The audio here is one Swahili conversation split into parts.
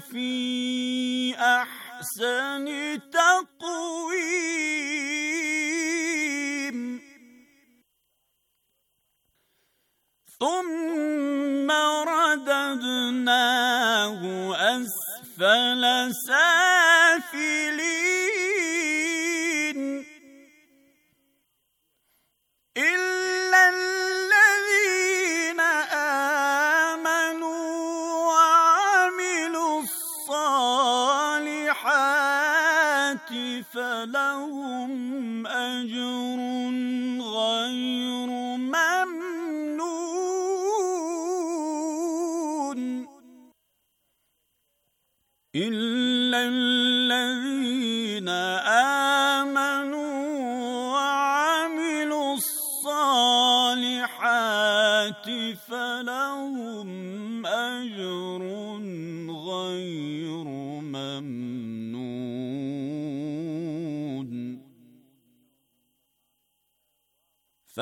في أحسن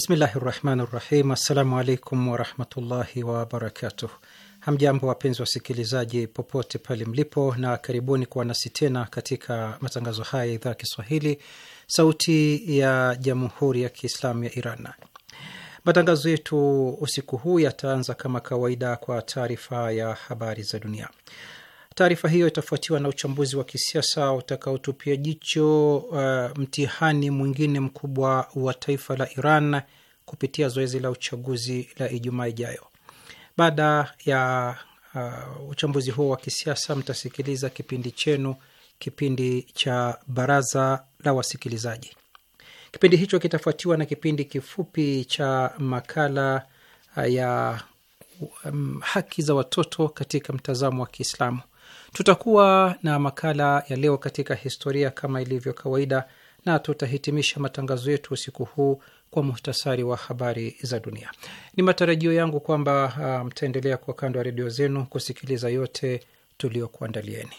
Bismillahi rahmani rahim. Assalamu alaikum warahmatullahi wabarakatuh. Hamjambo wapenzi wasikilizaji popote pale mlipo, na karibuni kuwa nasi tena katika matangazo haya ya idhaa ya Kiswahili, Sauti ya Jamhuri ya Kiislamu ya Iran. Matangazo yetu usiku huu yataanza kama kawaida kwa taarifa ya habari za dunia. Taarifa hiyo itafuatiwa na uchambuzi wa kisiasa utakaotupia jicho uh, mtihani mwingine mkubwa wa taifa la Iran kupitia zoezi la uchaguzi la Ijumaa ijayo. Baada ya uh, uchambuzi huo wa kisiasa, mtasikiliza kipindi chenu, kipindi cha Baraza la Wasikilizaji. Kipindi hicho kitafuatiwa na kipindi kifupi cha makala uh, ya um, haki za watoto katika mtazamo wa Kiislamu. Tutakuwa na makala ya leo katika historia kama ilivyo kawaida, na tutahitimisha matangazo yetu usiku huu kwa muhtasari wa habari za dunia. Ni matarajio yangu kwamba uh, mtaendelea um, kwa kando ya redio zenu kusikiliza yote tuliokuandalieni.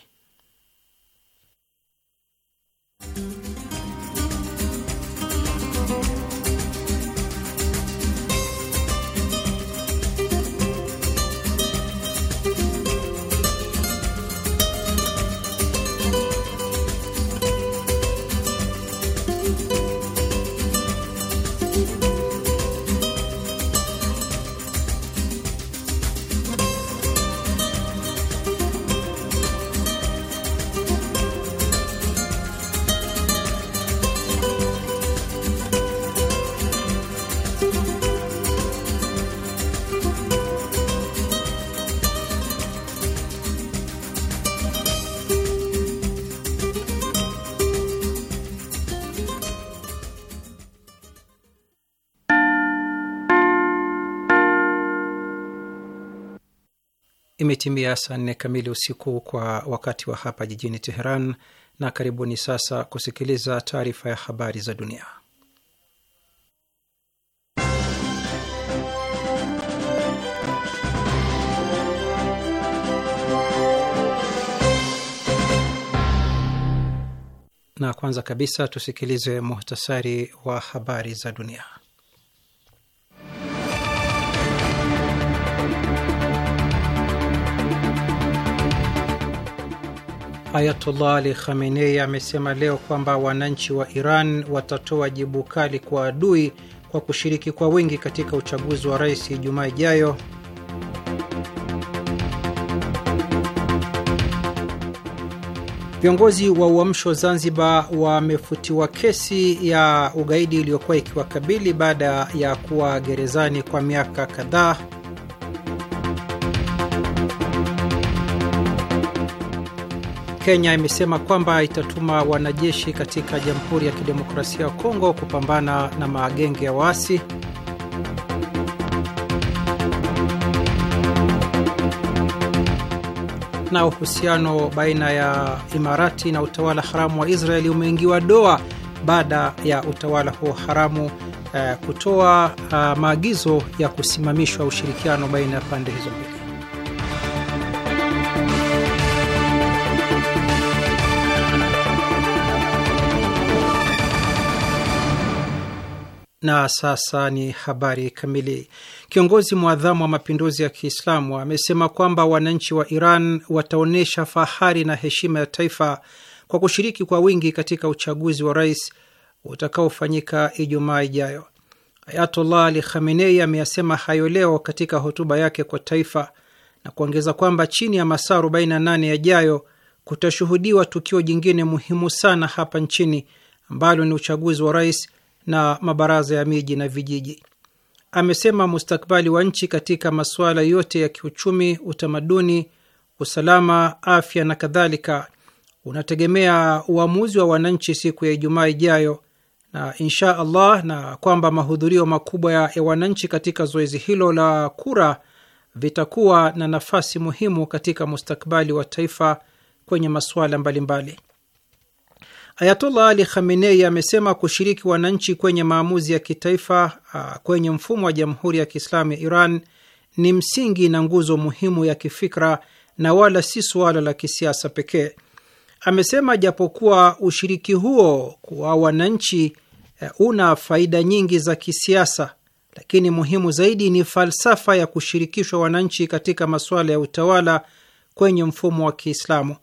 Imetimia saa nne kamili usiku kwa wakati wa hapa jijini Teheran, na karibuni sasa kusikiliza taarifa ya habari za dunia. Na kwanza kabisa tusikilize muhtasari wa habari za dunia. Ayatullah Ali Khamenei amesema leo kwamba wananchi wa Iran watatoa jibu kali kwa adui kwa kushiriki kwa wingi katika uchaguzi wa rais Ijumaa ijayo. Viongozi wa Uamsho Zanzibar wamefutiwa kesi ya ugaidi iliyokuwa ikiwakabili baada ya kuwa gerezani kwa miaka kadhaa. Kenya imesema kwamba itatuma wanajeshi katika Jamhuri ya Kidemokrasia ya Kongo kupambana na magenge ya waasi. Na uhusiano baina ya Imarati na utawala haramu wa Israeli umeingiwa doa baada ya utawala huo haramu eh, kutoa ah, maagizo ya kusimamishwa ushirikiano baina ya pande hizo mbili. Na sasa ni habari kamili. Kiongozi mwadhamu wa mapinduzi ya Kiislamu amesema kwamba wananchi wa Iran wataonyesha fahari na heshima ya taifa kwa kushiriki kwa wingi katika uchaguzi wa rais utakaofanyika Ijumaa ijayo. Ayatollah Ali Khamenei ameyasema hayo leo katika hotuba yake kwa taifa na kuongeza kwamba chini ya masaa 48 yajayo kutashuhudiwa tukio jingine muhimu sana hapa nchini ambalo ni uchaguzi wa rais na mabaraza ya miji na vijiji. Amesema mustakbali wa nchi katika masuala yote ya kiuchumi, utamaduni, usalama, afya na kadhalika unategemea uamuzi wa wananchi siku ya Ijumaa ijayo na insha Allah, na kwamba mahudhurio makubwa ya wananchi katika zoezi hilo la kura vitakuwa na nafasi muhimu katika mustakbali wa taifa kwenye masuala mbalimbali. Ayatollah Ali Khamenei amesema kushiriki wananchi kwenye maamuzi ya kitaifa ah, kwenye mfumo wa Jamhuri ya Kiislamu ya Iran ni msingi na nguzo muhimu ya kifikra na wala si suala la kisiasa pekee. Amesema japokuwa ushiriki huo wa wananchi eh, una faida nyingi za kisiasa, lakini muhimu zaidi ni falsafa ya kushirikishwa wananchi katika masuala ya utawala kwenye mfumo wa Kiislamu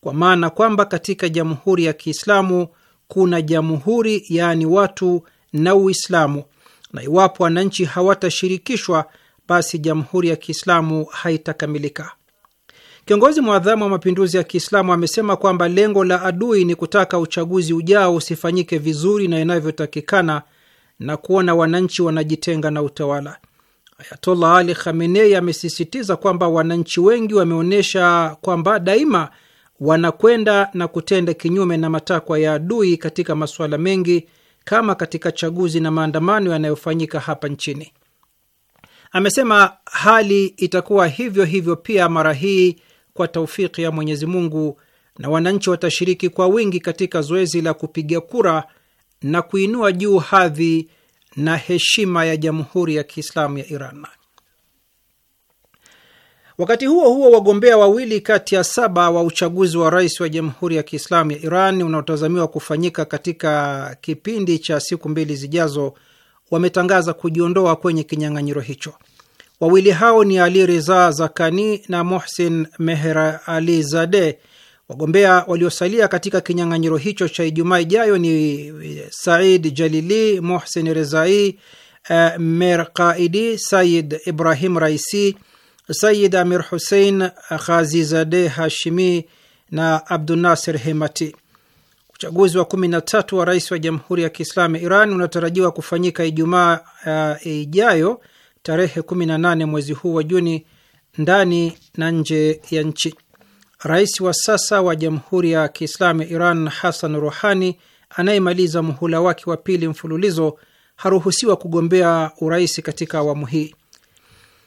kwa maana kwamba katika jamhuri ya Kiislamu kuna jamhuri, yaani watu na Uislamu, na iwapo wananchi hawatashirikishwa, basi jamhuri ya Kiislamu haitakamilika. Kiongozi mwadhamu wa mapinduzi ya Kiislamu amesema kwamba lengo la adui ni kutaka uchaguzi ujao usifanyike vizuri na inavyotakikana na kuona wananchi wanajitenga na utawala. Ayatollah Ali Khamenei amesisitiza kwamba wananchi wengi wameonyesha kwamba daima wanakwenda na kutenda kinyume na matakwa ya adui katika masuala mengi kama katika chaguzi na maandamano yanayofanyika hapa nchini. Amesema hali itakuwa hivyo hivyo pia mara hii kwa taufiki ya Mwenyezi Mungu, na wananchi watashiriki kwa wingi katika zoezi la kupiga kura na kuinua juu hadhi na heshima ya Jamhuri ya Kiislamu ya Iran. Wakati huo huo, wagombea wawili kati ya saba wa uchaguzi wa rais wa Jamhuri ya Kiislamu ya Iran unaotazamiwa kufanyika katika kipindi cha siku mbili zijazo wametangaza kujiondoa kwenye kinyang'anyiro hicho. Wawili hao ni Ali Reza Zakani na Mohsin Meher Ali Zade. Wagombea waliosalia katika kinyang'anyiro hicho cha Ijumaa ijayo ni Said Jalili, Mohsin Rezai, eh, Merqaidi, Said Ibrahim Raisi Sayid Amir Hussein ghazizade Hashimi na Abdunasir Hemati. Uchaguzi wa kumi na tatu wa rais wa Jamhuri ya Kiislamu ya Iran unatarajiwa kufanyika Ijumaa uh, ijayo tarehe 18 mwezi huu wa Juni ndani na nje ya nchi. Rais wa sasa wa Jamhuri ya Kiislamu ya Iran Hassan Rouhani anayemaliza muhula wake wa pili mfululizo haruhusiwa kugombea urais katika awamu hii.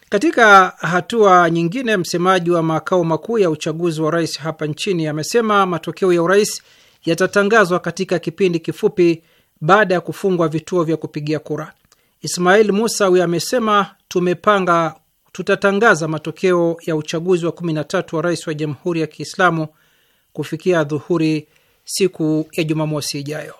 Katika hatua nyingine, msemaji wa makao makuu ya uchaguzi wa rais hapa nchini amesema matokeo ya urais yatatangazwa katika kipindi kifupi baada ya kufungwa vituo vya kupigia kura. Ismail Musawi amesema tumepanga, tutatangaza matokeo ya uchaguzi wa 13 wa rais wa Jamhuri ya Kiislamu kufikia dhuhuri siku ya Jumamosi ijayo.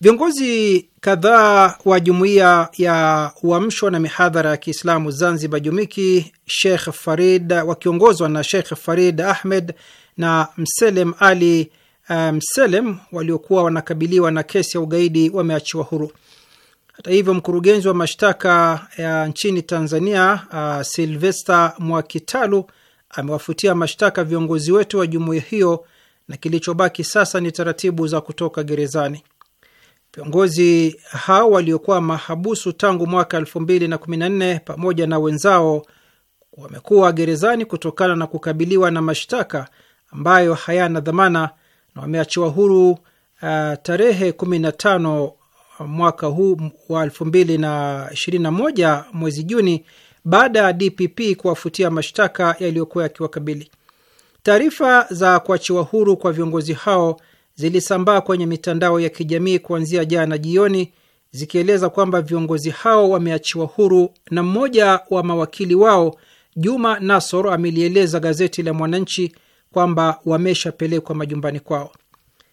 Viongozi kadhaa wa jumuiya ya Uamsho na mihadhara ya Kiislamu Zanzibar, Jumiki, Sheikh Farid wakiongozwa na Sheikh Farid Ahmed na Mselem Ali eh, Mselem waliokuwa wanakabiliwa na kesi ya ugaidi wameachiwa huru. Hata hivyo, mkurugenzi wa mashtaka ya nchini Tanzania eh, silvester Mwakitalu amewafutia mashtaka viongozi wetu wa jumuiya hiyo na kilichobaki sasa ni taratibu za kutoka gerezani. Viongozi hao waliokuwa mahabusu tangu mwaka nne pamoja na wenzao wamekuwa gerezani kutokana na kukabiliwa na mashtaka ambayo hayana dhamana na wameachiwa huru uh, tarehe tano mwaka huu wa moja mwezi Juni baada ya DPP kuwafutia mashtaka yaliyokuwa yakiwakabili. Taarifa za kuachiwa huru kwa viongozi hao zilisambaa kwenye mitandao ya kijamii kuanzia jana jioni zikieleza kwamba viongozi hao wameachiwa huru na mmoja wa mawakili wao Juma Nasor amelieleza gazeti la Mwananchi kwamba wameshapelekwa majumbani kwao.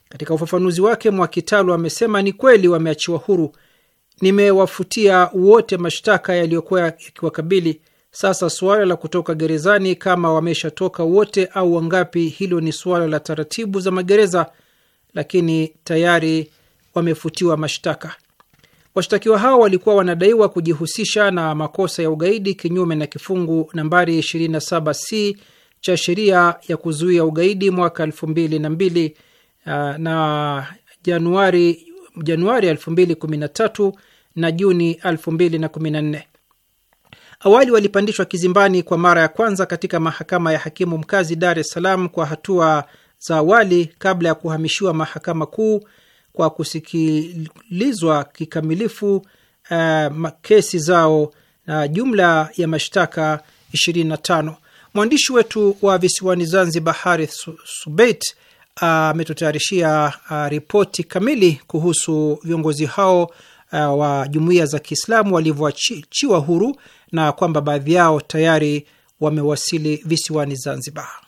Katika ufafanuzi wake, Mwakitalu amesema ni kweli wameachiwa huru, nimewafutia wote mashtaka yaliyokuwa yakiwakabili. Sasa suala la kutoka gerezani, kama wameshatoka wote au wangapi, hilo ni suala la taratibu za magereza lakini tayari wamefutiwa mashtaka. Washtakiwa hao walikuwa wanadaiwa kujihusisha na makosa ya ugaidi kinyume na kifungu nambari 27c cha sheria ya kuzuia ugaidi mwaka elfu na uh, na Januari Januari elfu na Juni elfu Awali walipandishwa kizimbani kwa mara ya kwanza katika mahakama ya hakimu mkazi Dar es Salaam kwa hatua za awali kabla ya kuhamishiwa mahakama kuu kwa kusikilizwa kikamilifu uh, kesi zao na jumla ya mashtaka 25. Mwandishi wetu wa visiwani Zanzibar Harith Subeit ametutayarishia uh, uh, ripoti kamili kuhusu viongozi hao uh, wa jumuiya za Kiislamu walivyoachiwa huru na kwamba baadhi yao tayari wamewasili visiwani Zanzibar.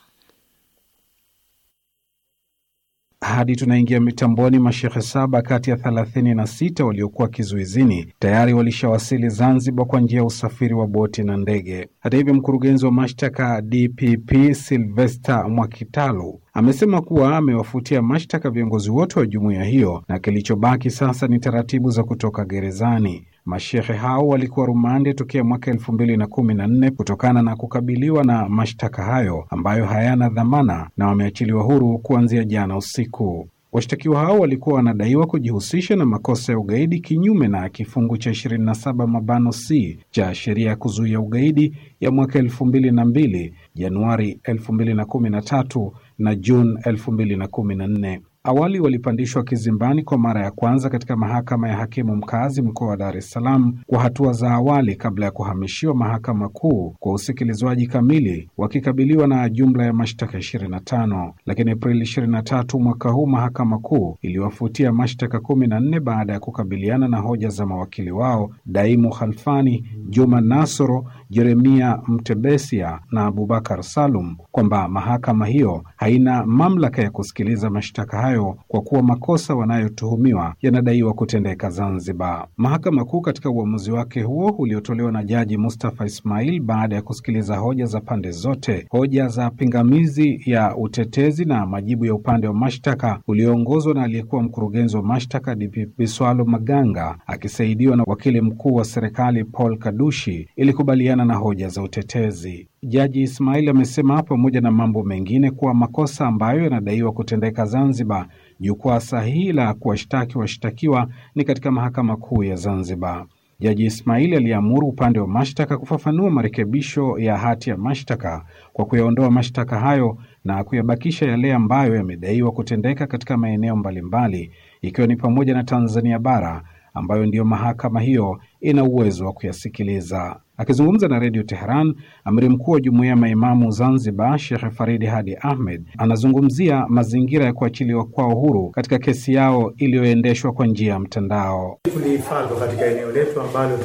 Hadi tunaingia mitamboni, mashehe saba kati ya 36 waliokuwa kizuizini tayari walishawasili Zanzibar kwa njia ya usafiri wa boti na ndege. Hata hivyo, mkurugenzi wa mashtaka DPP Silvester Mwakitalu amesema kuwa amewafutia mashtaka viongozi wote wa jumuiya hiyo na kilichobaki sasa ni taratibu za kutoka gerezani. Mashehe hao walikuwa rumande tokea mwaka elfu mbili na kumi na nne kutokana na kukabiliwa na mashtaka hayo ambayo hayana dhamana na wameachiliwa huru kuanzia jana usiku. Washtakiwa hao walikuwa wanadaiwa kujihusisha na makosa ya ugaidi kinyume na kifungu cha 27 mabano c cha sheria ya kuzuia ugaidi ya mwaka 2002 Januari 2013 na Juni 2014. Awali walipandishwa kizimbani kwa mara ya kwanza katika mahakama ya hakimu mkazi mkoa wa Dar es Salaam kwa hatua za awali kabla ya kuhamishiwa mahakama kuu kwa usikilizwaji kamili, wakikabiliwa na jumla ya mashtaka 25. Lakini Aprili 23 mwaka huu mahakama kuu iliwafutia mashtaka 14 baada ya kukabiliana na hoja za mawakili wao Daimu Khalfani, Juma Nasoro Jeremia Mtebesia na Abubakar Salum kwamba mahakama hiyo haina mamlaka ya kusikiliza mashtaka hayo kwa kuwa makosa wanayotuhumiwa yanadaiwa kutendeka Zanzibar. Mahakama Kuu katika uamuzi wake huo uliotolewa na Jaji Mustafa Ismail baada ya kusikiliza hoja za pande zote, hoja za pingamizi ya utetezi na majibu ya upande wa mashtaka ulioongozwa na aliyekuwa mkurugenzi wa mashtaka DPP Swalo Maganga akisaidiwa na wakili mkuu wa serikali Paul Kadushi ilikubaliana kukubaliana na hoja za utetezi. Jaji Ismail amesema pamoja na mambo mengine kuwa makosa ambayo yanadaiwa kutendeka Zanzibar, jukwaa sahihi la kuwashtaki washtakiwa ni katika mahakama kuu ya Zanzibar. Jaji Ismail aliamuru upande wa mashtaka kufafanua marekebisho ya hati ya mashtaka kwa kuyaondoa mashtaka hayo na kuyabakisha yale ambayo yamedaiwa kutendeka katika maeneo mbalimbali, ikiwa ni pamoja na Tanzania bara ambayo ndiyo mahakama hiyo ina uwezo wa kuyasikiliza. Akizungumza na redio Teheran, amiri mkuu wa jumuiya ya maimamu Zanzibar, Shekh Faridi Hadi Ahmed anazungumzia mazingira ya kuachiliwa kwao huru katika kesi yao iliyoendeshwa kwa njia ya mtandao. Tulihifadhwa katika eneo letu ambalo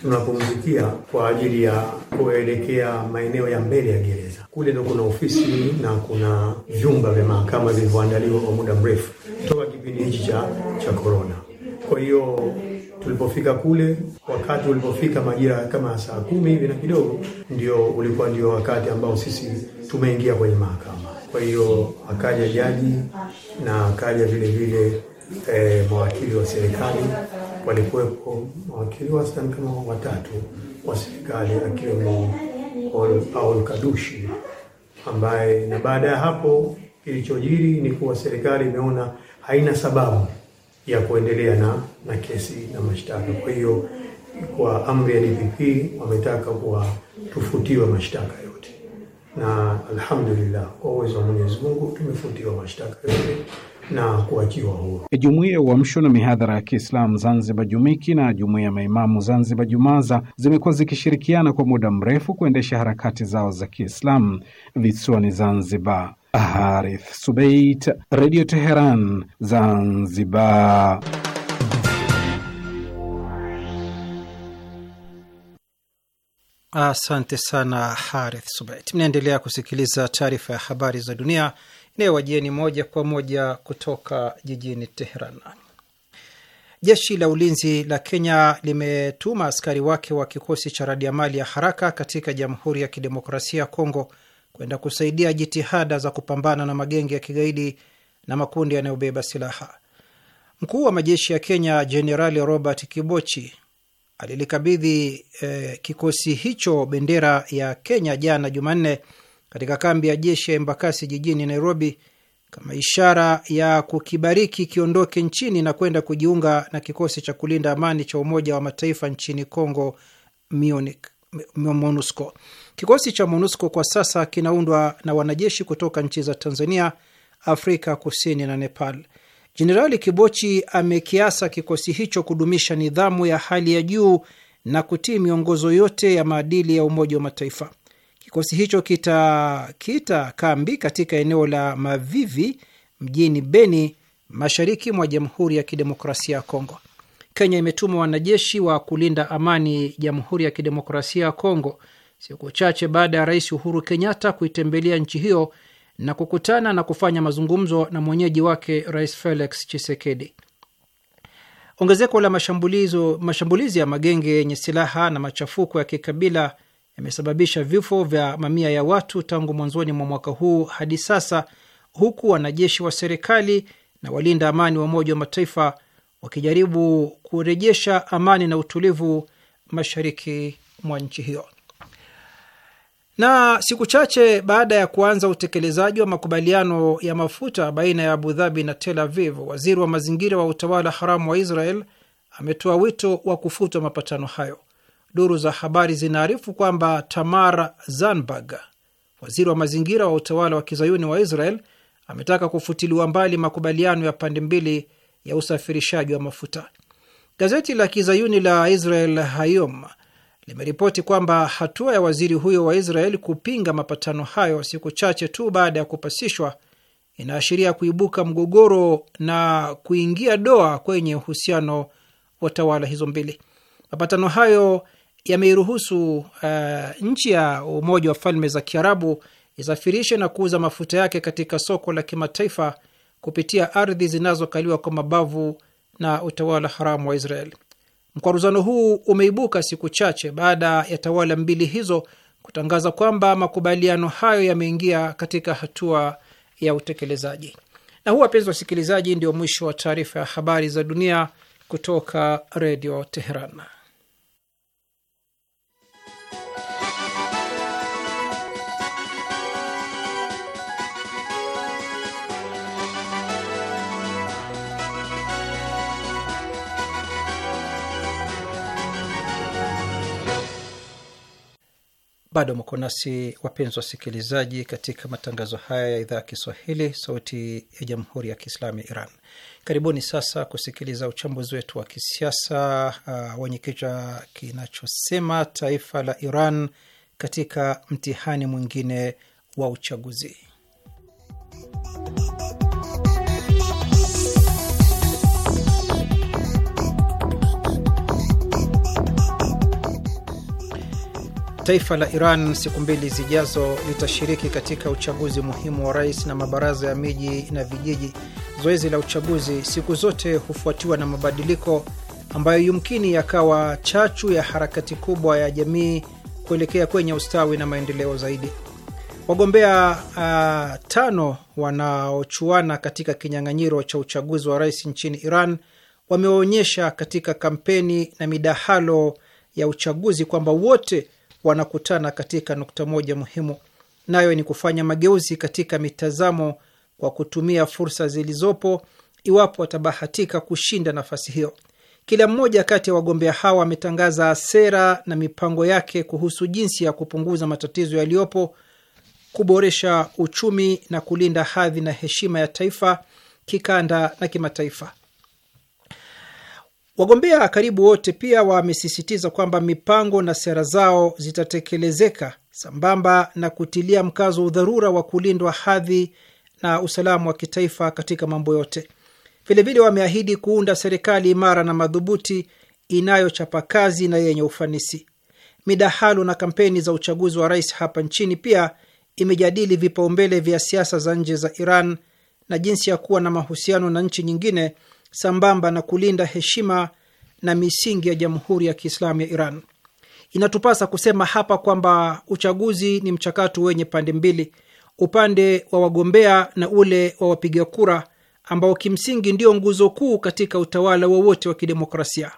tunapumzikia tuna kwa ajili ya kuelekea maeneo ya mbele ya gereza. Kule ndo kuna ofisi na kuna vyumba vya mahakama vilivyoandaliwa kwa muda mrefu toka kipindi hichi cha korona. Kwa hiyo Tulipofika kule, wakati ulipofika majira kama saa kumi hivi na kidogo, ndio ulikuwa ndio wakati ambao sisi tumeingia kwenye mahakama. Kwa hiyo akaja jaji na akaja vile vile e, mawakili wa serikali walikuwepo, mawakili wastani kama watatu wa serikali akiwemo Paul Kadushi ambaye, na baada ya hapo kilichojiri ni kuwa serikali imeona haina sababu ya kuendelea na, na kesi na mashtaka. Kwa hiyo kwa amri ya DPP wametaka kuwa tufutiwe mashtaka yote, na alhamdulillah kwa uwezo wa Mwenyezi Mungu tumefutiwa mashtaka yote na kuachiwa huru. E, jumuiya ya Uamsho na Mihadhara ya Kiislamu Zanzibar Jumiki na Jumuiya ya Maimamu Zanzibar Jumaza zimekuwa zikishirikiana kwa muda mrefu kuendesha harakati zao za Kiislamu visiwani Zanzibar. Harith Subait, Radio Teheran, Zanzibar. Asante sana Harith subait Mnaendelea kusikiliza taarifa ya habari za dunia inayowajieni moja kwa moja kutoka jijini Teheran. Jeshi la ulinzi la Kenya limetuma askari wake wa kikosi cha radiamali ya haraka katika Jamhuri ya Kidemokrasia ya Kongo kwenda kusaidia jitihada za kupambana na magenge ya kigaidi na makundi yanayobeba silaha. Mkuu wa majeshi ya Kenya Jenerali Robert Kibochi alilikabidhi eh, kikosi hicho bendera ya Kenya jana Jumanne katika kambi ya jeshi ya Embakasi jijini Nairobi kama ishara ya kukibariki kiondoke nchini na kwenda kujiunga na kikosi cha kulinda amani cha Umoja wa Mataifa nchini congo MONUSCO. Kikosi cha MONUSCO kwa sasa kinaundwa na wanajeshi kutoka nchi za Tanzania, Afrika Kusini na Nepal. Jenerali Kibochi amekiasa kikosi hicho kudumisha nidhamu ya hali ya juu na kutii miongozo yote ya maadili ya Umoja wa Mataifa. Kikosi hicho kita, kita kambi katika eneo la Mavivi mjini Beni, mashariki mwa Jamhuri ya Kidemokrasia ya Kongo. Kenya imetuma wanajeshi wa kulinda amani Jamhuri ya Kidemokrasia ya Kongo siku chache baada ya Rais Uhuru Kenyatta kuitembelea nchi hiyo na kukutana na kufanya mazungumzo na mwenyeji wake Rais Felix chisekedi Ongezeko la mashambulizi ya magenge yenye silaha na machafuko ya kikabila yamesababisha vifo vya mamia ya watu tangu mwanzoni mwa mwaka huu hadi sasa, huku wanajeshi wa serikali na walinda amani wa Umoja wa Mataifa wakijaribu kurejesha amani na utulivu mashariki mwa nchi hiyo. Na siku chache baada ya kuanza utekelezaji wa makubaliano ya mafuta baina ya Abu Dhabi na Tel Aviv, waziri wa mazingira wa utawala haramu wa Israel ametoa wito wa kufutwa mapatano hayo. Duru za habari zinaarifu kwamba Tamar zanbag waziri wa mazingira wa utawala wa kizayuni wa Israel, ametaka kufutiliwa mbali makubaliano ya pande mbili ya usafirishaji wa mafuta. Gazeti la kizayuni la Israel Hayom limeripoti kwamba hatua ya waziri huyo wa Israel kupinga mapatano hayo siku chache tu baada ya kupasishwa inaashiria kuibuka mgogoro na kuingia doa kwenye uhusiano wa tawala hizo mbili. Mapatano hayo yameiruhusu uh, nchi ya Umoja wa Falme za Kiarabu isafirishe na kuuza mafuta yake katika soko la kimataifa kupitia ardhi zinazokaliwa kwa mabavu na utawala haramu wa Israeli. Mkwaruzano huu umeibuka siku chache baada ya tawala mbili hizo kutangaza kwamba makubaliano hayo yameingia katika hatua ya utekelezaji. Na huu, wapenzi wasikilizaji, ndio mwisho wa taarifa ya habari za dunia kutoka Redio Teheran. Bado mko nasi wapenzi wasikilizaji, katika matangazo haya ya idhaa ya Kiswahili, sauti ya jamhuri ya kiislamu ya Iran. Karibuni sasa kusikiliza uchambuzi wetu wa kisiasa uh, wenye kichwa kinachosema taifa la Iran katika mtihani mwingine wa uchaguzi. Taifa la Iran siku mbili zijazo litashiriki katika uchaguzi muhimu wa rais na mabaraza ya miji na vijiji. Zoezi la uchaguzi siku zote hufuatiwa na mabadiliko ambayo yumkini yakawa chachu ya harakati kubwa ya jamii kuelekea kwenye ustawi na maendeleo zaidi. Wagombea uh, tano wanaochuana katika kinyang'anyiro cha uchaguzi wa rais nchini Iran wameonyesha katika kampeni na midahalo ya uchaguzi kwamba wote wanakutana katika nukta moja muhimu, nayo ni kufanya mageuzi katika mitazamo kwa kutumia fursa zilizopo, iwapo watabahatika kushinda nafasi hiyo. Kila mmoja kati ya wagombea hawa ametangaza sera na mipango yake kuhusu jinsi ya kupunguza matatizo yaliyopo, kuboresha uchumi na kulinda hadhi na heshima ya taifa kikanda na kimataifa. Wagombea karibu wote pia wamesisitiza kwamba mipango na sera zao zitatekelezeka sambamba na kutilia mkazo udharura wa kulindwa hadhi na usalama wa kitaifa katika mambo yote. Vilevile wameahidi kuunda serikali imara na madhubuti inayochapa kazi na yenye ufanisi. Midahalo na kampeni za uchaguzi wa rais hapa nchini pia imejadili vipaumbele vya siasa za nje za Iran na jinsi ya kuwa na mahusiano na nchi nyingine sambamba na kulinda heshima na misingi ya Jamhuri ya Kiislamu ya Iran. Inatupasa kusema hapa kwamba uchaguzi ni mchakato wenye pande mbili, upande wa wagombea na ule wa wapiga kura, ambao kimsingi ndio nguzo kuu katika utawala wowote wa, wa kidemokrasia.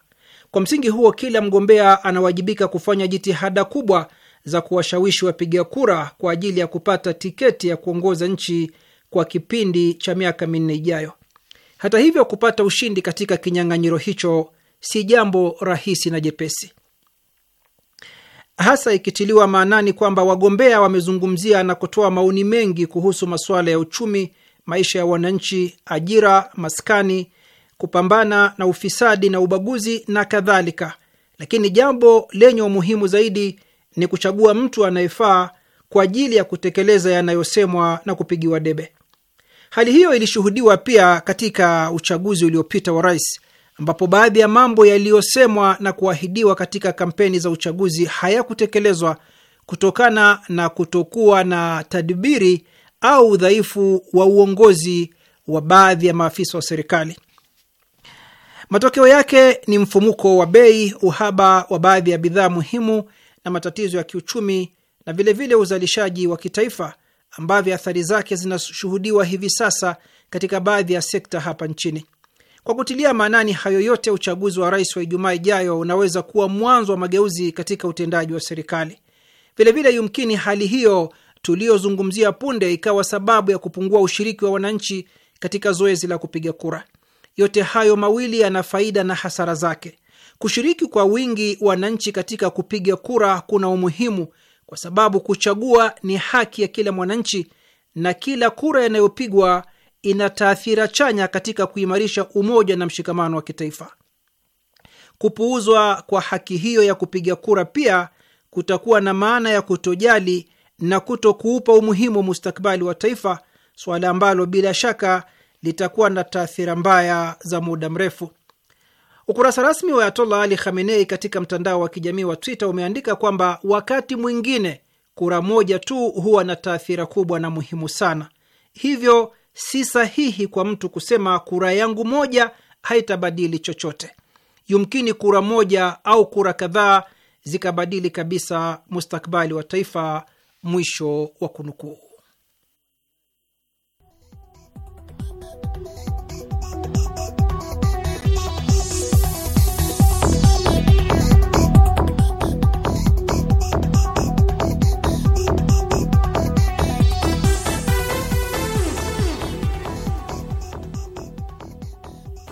Kwa msingi huo, kila mgombea anawajibika kufanya jitihada kubwa za kuwashawishi wapiga kura kwa ajili ya kupata tiketi ya kuongoza nchi kwa kipindi cha miaka minne ijayo. Hata hivyo, kupata ushindi katika kinyang'anyiro hicho si jambo rahisi na jepesi, hasa ikitiliwa maanani kwamba wagombea wamezungumzia na kutoa maoni mengi kuhusu masuala ya uchumi, maisha ya wananchi, ajira, maskani, kupambana na ufisadi na ubaguzi na kadhalika. Lakini jambo lenye umuhimu zaidi ni kuchagua mtu anayefaa kwa ajili ya kutekeleza yanayosemwa na kupigiwa debe. Hali hiyo ilishuhudiwa pia katika uchaguzi uliopita wa rais, ambapo baadhi ya mambo yaliyosemwa na kuahidiwa katika kampeni za uchaguzi hayakutekelezwa kutokana na kutokuwa na tadbiri au udhaifu wa uongozi wa baadhi ya maafisa wa serikali. Matokeo yake ni mfumuko wa bei, uhaba wa baadhi ya bidhaa muhimu na matatizo ya kiuchumi na vilevile vile uzalishaji wa kitaifa ambavyo athari zake zinashuhudiwa hivi sasa katika baadhi ya sekta hapa nchini. Kwa kutilia maanani hayo yote, uchaguzi wa rais wa Ijumaa ijayo unaweza kuwa mwanzo wa mageuzi katika utendaji wa serikali. Vilevile, yumkini hali hiyo tuliyozungumzia punde ikawa sababu ya kupungua ushiriki wa wananchi katika zoezi la kupiga kura. Yote hayo mawili yana faida na hasara zake. Kushiriki kwa wingi wananchi katika kupiga kura kuna umuhimu kwa sababu kuchagua ni haki ya kila mwananchi na kila kura yanayopigwa ina taathira chanya katika kuimarisha umoja na mshikamano wa kitaifa. Kupuuzwa kwa haki hiyo ya kupiga kura pia kutakuwa na maana ya kutojali na kutokuupa umuhimu wa mustakabali wa taifa, suala ambalo bila shaka litakuwa na taathira mbaya za muda mrefu. Ukurasa rasmi wa Ayatollah Ali Khamenei katika mtandao wa kijamii wa Twitter umeandika kwamba wakati mwingine kura moja tu huwa na taathira kubwa na muhimu sana, hivyo si sahihi kwa mtu kusema kura yangu moja haitabadili chochote. Yumkini kura moja au kura kadhaa zikabadili kabisa mustakabali wa taifa. Mwisho wa kunukuu.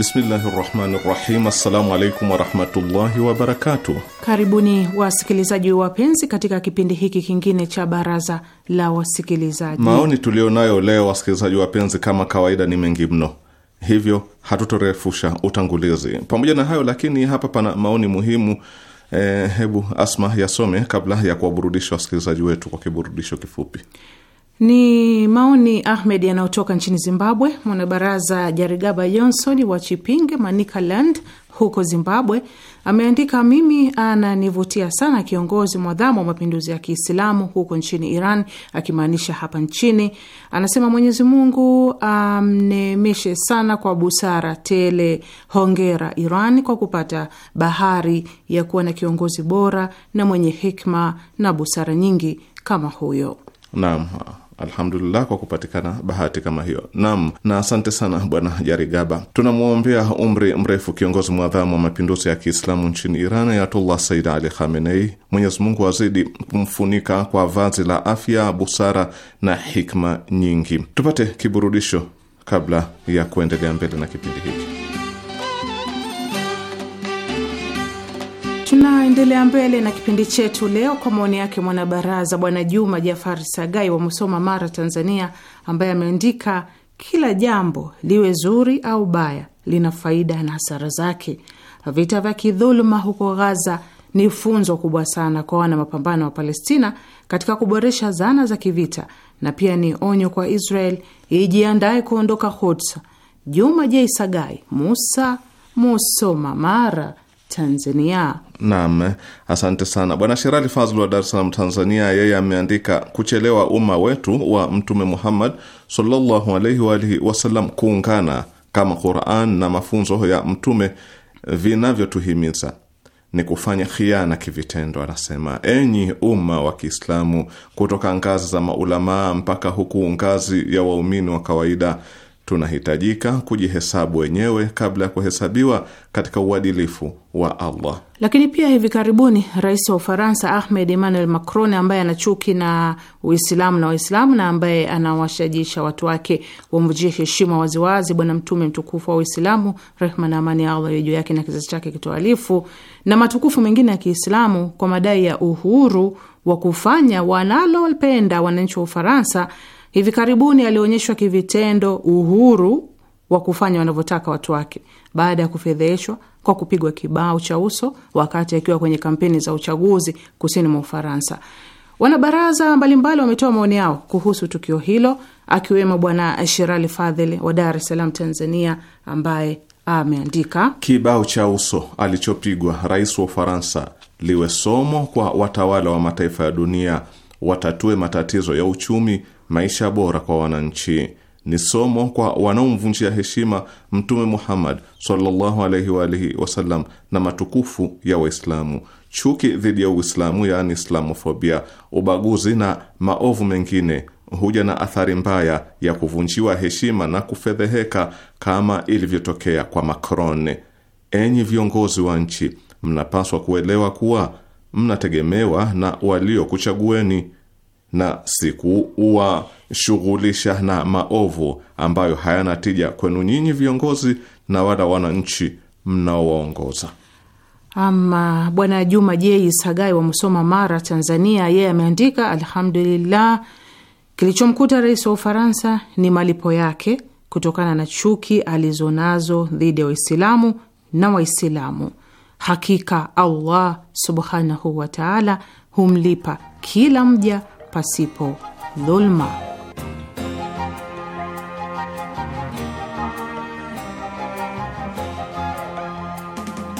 Bismillahi rahmani rahim. Assalamu alaikum warahmatullahi wabarakatu. Karibuni wasikilizaji wapenzi, katika kipindi hiki kingine cha baraza la wasikilizaji. Maoni tulionayo leo wasikilizaji wapenzi, kama kawaida ni mengi mno, hivyo hatutorefusha utangulizi. Pamoja na hayo lakini, hapa pana maoni muhimu. Eh, hebu Asma yasome kabla ya kuwaburudisha wasikilizaji wetu kwa kiburudisho kifupi. Ni maoni Ahmed yanayotoka nchini Zimbabwe. Mwanabaraza Jarigaba Johnson wa Chipinge, Manicaland huko Zimbabwe ameandika, mimi ananivutia sana kiongozi mwadhamu wa mapinduzi ya Kiislamu huko nchini Iran, akimaanisha hapa nchini. Anasema Mwenyezi Mungu amneemeshe um, sana kwa busara tele. Hongera Iran kwa kupata bahari ya kuwa na kiongozi bora na mwenye hikma na busara nyingi kama huyo. Naam. Alhamdulillah kwa kupatikana bahati kama hiyo. Naam, na asante sana Bwana Jarigaba. Tunamwombea umri mrefu kiongozi mwadhamu wa mapinduzi ya Kiislamu nchini Iran, Ayatullah Said Ali Khamenei. Mwenyezi Mungu azidi kumfunika kwa vazi la afya, busara na hikma nyingi. Tupate kiburudisho kabla ya kuendelea mbele na kipindi hiki. Tunaendelea mbele na kipindi chetu leo kwa maoni yake mwanabaraza Bwana Juma jafar Sagai wa Musoma, Mara, Tanzania, ambaye ameandika kila jambo liwe zuri au baya, lina faida na hasara zake. Vita vya kidhuluma huko Ghaza ni funzo kubwa sana kwa wana mapambano wa Palestina katika kuboresha zana za kivita na pia ni onyo kwa Israel ijiandaye kuondoka Quds. Juma J. Sagai, Musa, Musoma, Mara, Tanzania. Naam, asante sana Bwana Sherali Fazl wa Dar es Salaam, Tanzania. Yeye ameandika kuchelewa umma wetu wa Mtume Muhammad sallallahu alaihi wa alihi wasallam kuungana kama Quran na mafunzo ya Mtume vinavyotuhimiza ni kufanya khiana kivitendo. Anasema, enyi umma wa Kiislamu, kutoka ngazi za maulamaa mpaka huku ngazi ya waumini wa kawaida tunahitajika kujihesabu wenyewe kabla ya kuhesabiwa katika uadilifu wa Allah. Lakini pia hivi karibuni rais wa Ufaransa Ahmed Emmanuel Macron, ambaye ana chuki na Uislamu na Waislamu na ambaye anawashajisha watu wake wamvujie heshima waziwazi Bwana Mtume mtukufu wa Uislamu, rehma na amani ya Allah juu yake na kizazi chake kitoalifu, na matukufu mengine ya Kiislamu kwa madai ya uhuru wa kufanya wanalopenda wananchi wa Ufaransa Hivi karibuni alionyeshwa kivitendo uhuru wa kufanya wanavyotaka watu wake baada ya kufedheheshwa kwa kupigwa kibao cha uso wakati akiwa kwenye kampeni za uchaguzi kusini mwa Ufaransa. Wanabaraza mbalimbali wametoa maoni yao kuhusu tukio hilo, akiwemo Bwana Shirali Fadhili wa Dar es Salaam, Tanzania, ambaye ameandika: kibao cha uso alichopigwa rais wa Ufaransa liwe somo kwa watawala wa mataifa ya dunia, watatue matatizo ya uchumi maisha bora kwa wananchi. Ni somo kwa wanaomvunjia heshima Mtume Muhammad sallallahu alaihi wa alihi wasallam na matukufu ya Waislamu. Chuki dhidi ya Uislamu, yaani islamofobia, ubaguzi na maovu mengine huja na athari mbaya ya kuvunjiwa heshima na kufedheheka kama ilivyotokea kwa Macron. Enyi viongozi wa nchi, mnapaswa kuelewa kuwa mnategemewa na waliokuchagueni na sikuwashughulisha na maovu ambayo hayana tija kwenu nyinyi viongozi na wala wananchi mnaowaongoza. Ama Bwana Juma Jei Sagai wa Musoma, Mara, Tanzania, yeye ameandika alhamdulillah, kilichomkuta rais wa Ufaransa ni malipo yake kutokana na chuki alizonazo dhidi ya Waislamu na Waislamu. Hakika Allah subhanahu wataala humlipa kila mja pasipo dhulma.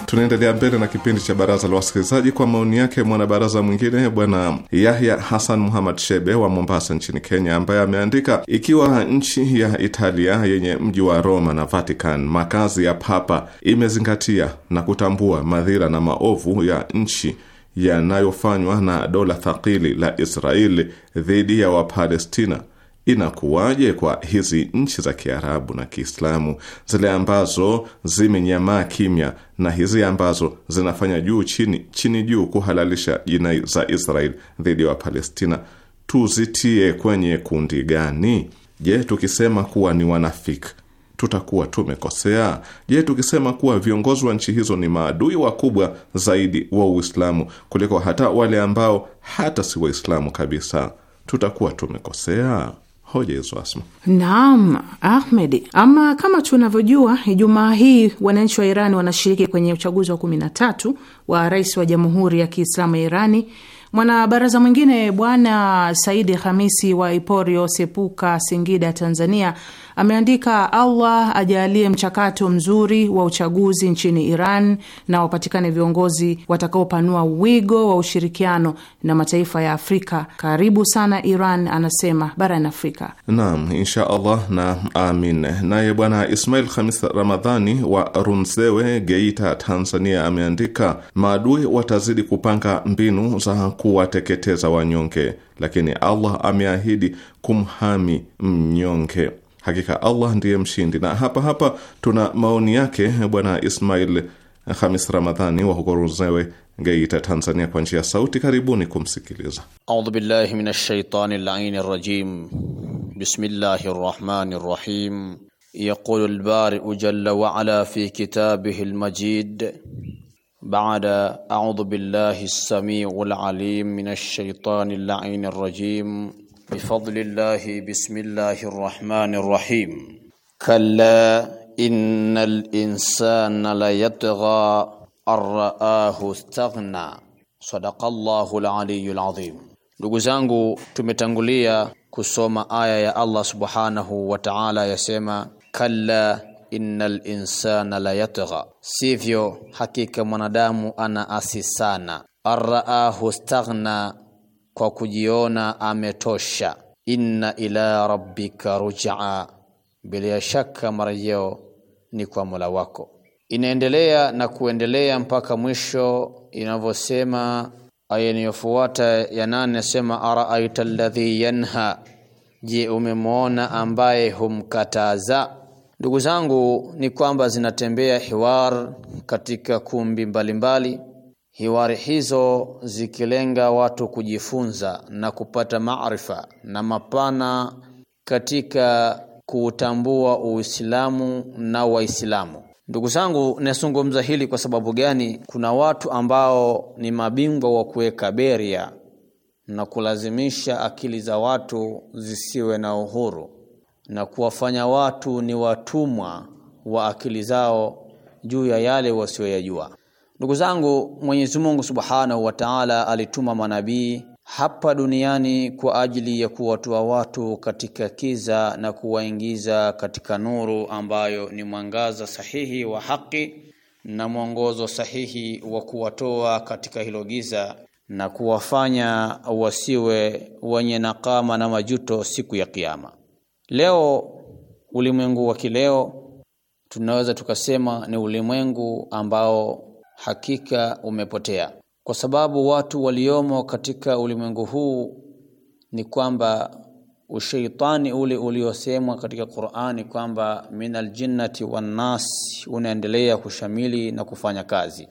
Tunaendelea mbele na kipindi cha baraza la wasikilizaji kwa maoni yake mwanabaraza mwingine bwana Yahya Hassan Muhammad Shebe wa Mombasa nchini Kenya, ambaye ameandika ikiwa nchi ya Italia yenye mji wa Roma na Vatican makazi ya Papa imezingatia na kutambua madhira na maovu ya nchi yanayofanywa na dola thakili la Israeli dhidi ya Wapalestina, inakuwaje kwa hizi nchi za Kiarabu na Kiislamu, zile ambazo zimenyamaa kimya na hizi ambazo zinafanya juu chini chini juu kuhalalisha jinai za Israeli dhidi ya Wapalestina? Tuzitie kwenye kundi gani? Je, tukisema kuwa ni wanafiki tutakuwa tumekosea? Je, tukisema kuwa viongozi wa nchi hizo ni maadui wakubwa zaidi wa Uislamu kuliko hata wale ambao hata si Waislamu kabisa, tutakuwa tumekosea? Hoja hizo Asma. Naam, Ahmed. Ama kama tunavyojua, Ijumaa hii wananchi wa Irani wanashiriki kwenye uchaguzi wa kumi na tatu wa rais wa Jamhuri ya Kiislamu ya Irani. Mwanabaraza mwingine Bwana Saidi Hamisi wa Iporio Sepuka, Singida, Tanzania, Ameandika, Allah ajaalie mchakato mzuri wa uchaguzi nchini Iran na wapatikane viongozi watakaopanua wigo wa ushirikiano na mataifa ya Afrika. Karibu sana Iran, anasema barani Afrika. Naam, insha Allah na amin. Naye bwana Ismail Khamis Ramadhani wa Runzewe, Geita, Tanzania, ameandika, maadui watazidi kupanga mbinu za kuwateketeza wanyonge, lakini Allah ameahidi kumhami mnyonge. Hakika Allah ndiye mshindi. Na hapa hapa tuna maoni yake Bwana Ismail Hamis Ramadhani wa huko Runzewe, Geita, Tanzania, kwa njia ya sauti. Karibuni kumsikiliza. Audhu billahi minash shaitani laini rajim. Bismillahir rahmanir rahim. Yaqulu al jalla wa fi kitabihi al-majid a'udhu billahi as-sami'ul alim minash laini rajim بفضل الله بسم الله الرحمن الرحيم كلا إن الإنسان ليطغى أن رآه استغنى صدق الله العلي العظيم ndugu zangu tumetangulia kusoma aya ya allah subhanahu wa taala yasema kalla innal insana la yatgha sivyo hakika mwanadamu ana asi sana arraahu staghna kwa kujiona ametosha. Inna ila rabbika rujaa, bila ya shaka marejeo ni kwa Mola wako. Inaendelea na kuendelea mpaka mwisho inavyosema aya inayofuata ya nane, nasema araaita alladhi yanha, je, umemwona ambaye humkataza? Ndugu zangu, ni kwamba zinatembea hiwar katika kumbi mbalimbali mbali. Hiwari hizo zikilenga watu kujifunza na kupata maarifa na mapana katika kuutambua Uislamu na Waislamu. Ndugu zangu, nasungumza hili kwa sababu gani? Kuna watu ambao ni mabingwa wa kuweka beria na kulazimisha akili za watu zisiwe na uhuru na kuwafanya watu ni watumwa wa akili zao juu ya yale wasiyoyajua. Ndugu zangu, Mwenyezi Mungu Subhanahu wa Ta'ala alituma manabii hapa duniani kwa ajili ya kuwatoa watu katika kiza na kuwaingiza katika nuru ambayo ni mwangaza sahihi wa haki na mwongozo sahihi wa kuwatoa katika hilo giza na kuwafanya wasiwe wenye nakama na majuto siku ya Kiyama. Leo ulimwengu wa kileo tunaweza tukasema ni ulimwengu ambao hakika umepotea, kwa sababu watu waliomo katika ulimwengu huu ni kwamba ushaitani ule uliosemwa katika Qur'ani kwamba minal jinnati wan nas unaendelea kushamili na kufanya kazi.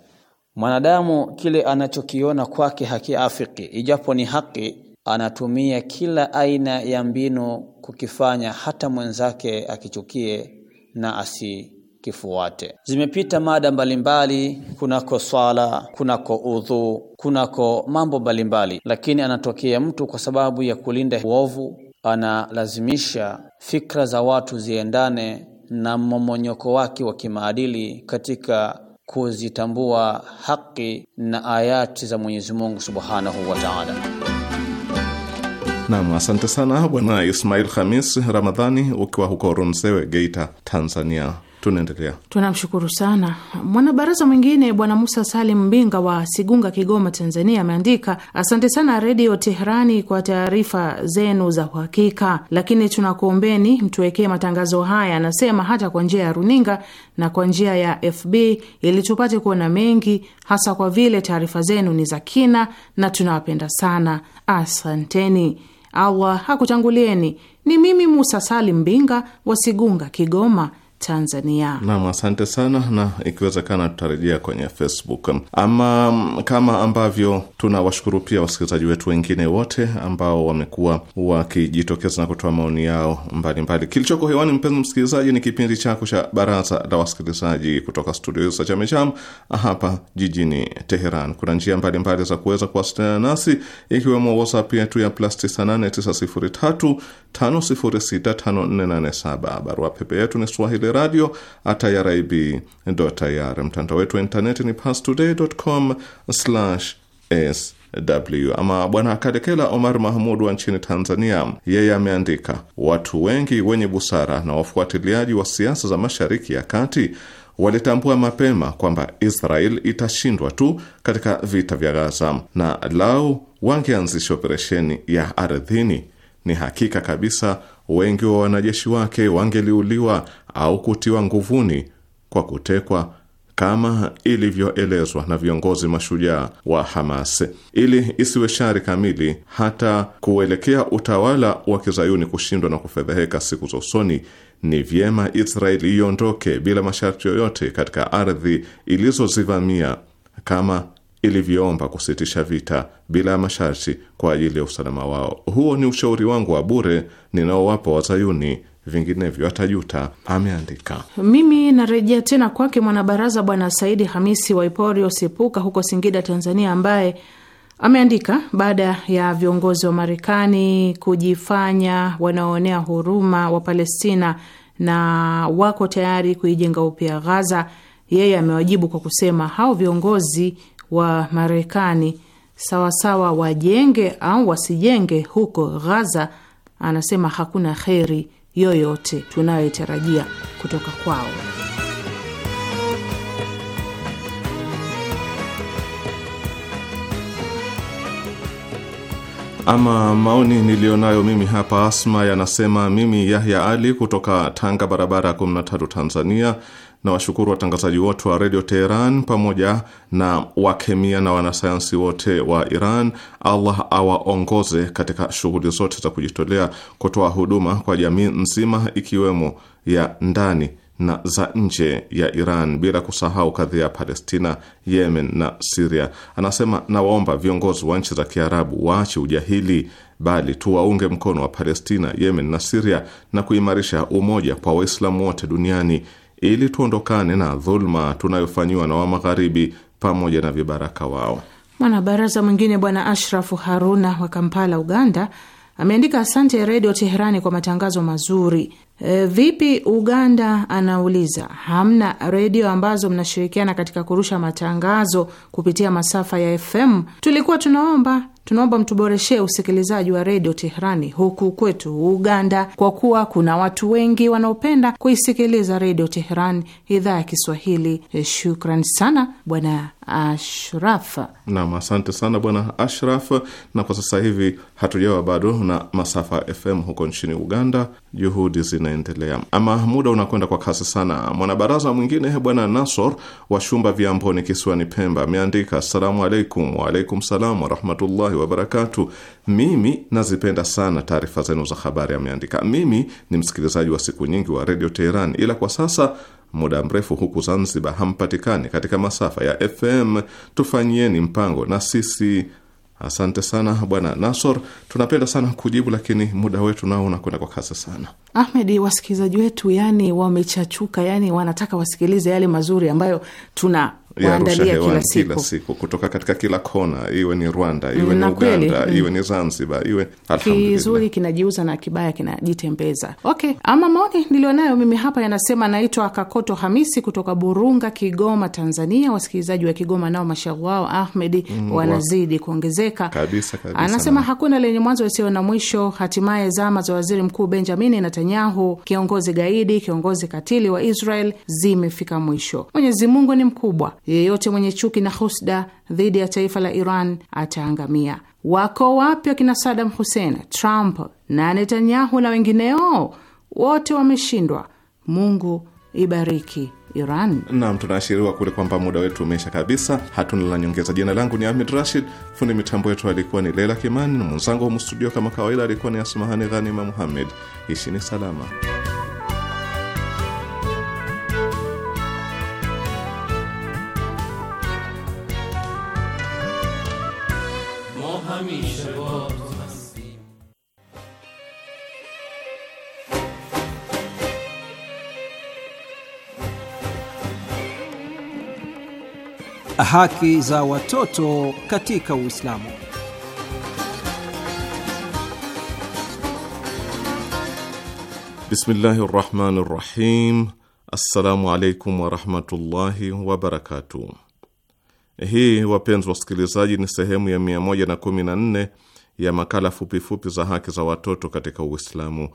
Mwanadamu kile anachokiona kwake hakiafiki, ijapo ni haki, anatumia kila aina ya mbinu kukifanya, hata mwenzake akichukie na asi kifuate. Zimepita mada mbalimbali kunako swala, kunako udhu, kunako mambo mbalimbali, lakini anatokea mtu kwa sababu ya kulinda uovu analazimisha fikra za watu ziendane na mmomonyoko wake wa kimaadili katika kuzitambua haki na ayati za Mwenyezi Mungu Subhanahu wa Ta'ala. Naam, asante sana Bwana Ismail Khamis Ramadhani ukiwa huko Runzewe, Geita, Tanzania. Tunaendelea. Tunamshukuru sana mwanabaraza mwingine Bwana Musa Salim Mbinga wa Sigunga, Kigoma, Tanzania, ameandika asante sana Redio Teherani kwa taarifa zenu za uhakika, lakini tunakuombeni mtuwekee matangazo haya, anasema hata kwa njia ya runinga na kwa njia ya FB ili tupate kuona mengi, hasa kwa vile taarifa zenu ni za kina na tunawapenda sana, asanteni. Allah hakutangulieni. Ni mimi Musa Salim Mbinga wa Sigunga, Kigoma. Tanzania. Naam, asante sana, na ikiwezekana tutarejea kwenye Facebook. Ama kama ambavyo tunawashukuru pia wasikilizaji wetu wengine wote ambao wamekuwa wakijitokeza na kutoa maoni yao mbalimbali. Kilichoko hewani, mpenzi msikilizaji, ni kipindi chako cha Baraza la Wasikilizaji kutoka studio hizo za Chamecham hapa jijini Teheran. Kuna njia mbalimbali mbali za kuweza kuwasiliana nasi, ikiwemo WhatsApp yetu ya plus 989035065487. Barua pepe yetu ni swahili radio at irib ir. Mtandao wetu wa intaneti ni pastoday.com sw. Ama Bwana Kalekela Omar Mahmud wa nchini Tanzania, yeye ameandika, watu wengi wenye busara na wafuatiliaji wa siasa za mashariki ya kati walitambua mapema kwamba Israel itashindwa tu katika vita vya Gaza, na lau wangeanzisha operesheni ya ardhini, ni hakika kabisa wengi wa wanajeshi wake wangeliuliwa au kutiwa nguvuni kwa kutekwa kama ilivyoelezwa na viongozi mashujaa wa Hamas. Ili isiwe shari kamili, hata kuelekea utawala wa kizayuni kushindwa na kufedheheka siku za usoni, ni vyema Israeli iondoke bila masharti yoyote katika ardhi ilizozivamia kama ilivyoomba kusitisha vita bila ya masharti kwa ajili ya usalama wao. Huo ni ushauri wangu wa bure ninaowapa Wazayuni, vinginevyo atajuta, ameandika. Mimi narejea tena kwake mwanabaraza Bwana Saidi Hamisi wa Iporio Sepuka huko Singida, Tanzania, ambaye ameandika baada ya viongozi wa Marekani kujifanya wanaoonea huruma wa Palestina na wako tayari kuijenga upya Ghaza, yeye amewajibu kwa kusema hao viongozi wa Marekani sawasawa wajenge au wasijenge huko Ghaza, anasema hakuna kheri yoyote tunayoitarajia kutoka kwao. Ama maoni niliyonayo mimi hapa Asma yanasema, mimi Yahya Ali kutoka Tanga, barabara ya 13 Tanzania, na washukuru watangazaji wote wa redio Teheran pamoja na wakemia na wanasayansi wote wa Iran. Allah awaongoze katika shughuli zote za kujitolea kutoa huduma kwa jamii nzima, ikiwemo ya ndani na za nje ya Iran, bila kusahau kadhia ya Palestina, Yemen na Siria. Anasema, nawaomba viongozi wa nchi za Kiarabu waache ujahili, bali tuwaunge mkono wa Palestina, Yemen na Siria na kuimarisha umoja kwa Waislamu wote duniani ili tuondokane na dhuluma tunayofanyiwa na wa magharibi pamoja na vibaraka wao. Mwanabaraza mwingine Bwana Ashrafu Haruna wa Kampala, Uganda, ameandika asante Redio Teherani kwa matangazo mazuri. E, vipi Uganda? Anauliza, hamna redio ambazo mnashirikiana katika kurusha matangazo kupitia masafa ya FM? Tulikuwa tunaomba tunaomba mtuboreshee usikilizaji wa redio Teherani huku kwetu Uganda, kwa kuwa kuna watu wengi wanaopenda kuisikiliza redio Teherani idhaa ya Kiswahili. Eh, shukran sana bwana Ashraf. Nam, asante sana bwana Ashraf. Na kwa sasa hivi hatujawa bado na masafa FM huko nchini Uganda, juhudi zinaendelea, ama muda unakwenda kwa kasi sana. Mwanabaraza mwingine bwana Nasor wa Shumba viamboni kisiwani Pemba ameandika assalamu alaikum. Waalaikum salam warahmatullahi wabarakatu. Mimi nazipenda sana taarifa zenu za habari, ameandika. Mimi ni msikilizaji wa siku nyingi wa redio Teheran, ila kwa sasa muda mrefu huku Zanzibar hampatikani katika masafa ya FM. Tufanyieni mpango na sisi. Asante sana Bwana Nasor, tunapenda sana kujibu, lakini muda wetu nao unakwenda kwa kasi sana. Ahmed, wasikilizaji wetu yani wamechachuka, yani wanataka wasikilize yale mazuri ambayo tuna ya Arusha hewani kila siku kutoka katika kila kona, iwe ni Rwanda, mm, iwe ni Uganda mm. iwe ni Zanzibar, iwe kizuri kinajiuza na kibaya kinajitembeza. Okay, ama maoni nilionayo mimi hapa yanasema, naitwa Kakoto Hamisi kutoka Burunga, Kigoma, Tanzania. Wasikilizaji wa Kigoma nao mashauri wao Ahmed mm, wanazidi kuongezeka kabisa, kabisa. Anasema na hakuna lenye mwanzo yasiyo na mwisho. Hatimaye zama za waziri mkuu Benjamini Netanyahu, kiongozi gaidi, kiongozi katili wa Israel zimefika mwisho. Mwenyezi Mungu ni mkubwa Yeyote mwenye chuki na husda dhidi ya taifa la Iran ataangamia. Wako wapi wakina Sadam Hussein, Trump na Netanyahu na wengineo? Wote wameshindwa. Mungu ibariki Iran. Naam, tunaashiriwa kule kwamba muda wetu umeisha kabisa, hatuna la nyongeza. Jina langu ni Ahmed Rashid, fundi mitambo yetu alikuwa ni Leila Kimani, na mwenzangu wa studio kama kawaida alikuwa ni Asmahani Ghanima Muhammed. Ishini salama. Haki za watoto katika Uislamu. Bismillahi rahmani rahim. Assalamu alaikum warahmatullahi wabarakatuh. Hii wapenzi wasikilizaji, ni sehemu ya 114 ya makala fupifupi za haki za watoto katika Uislamu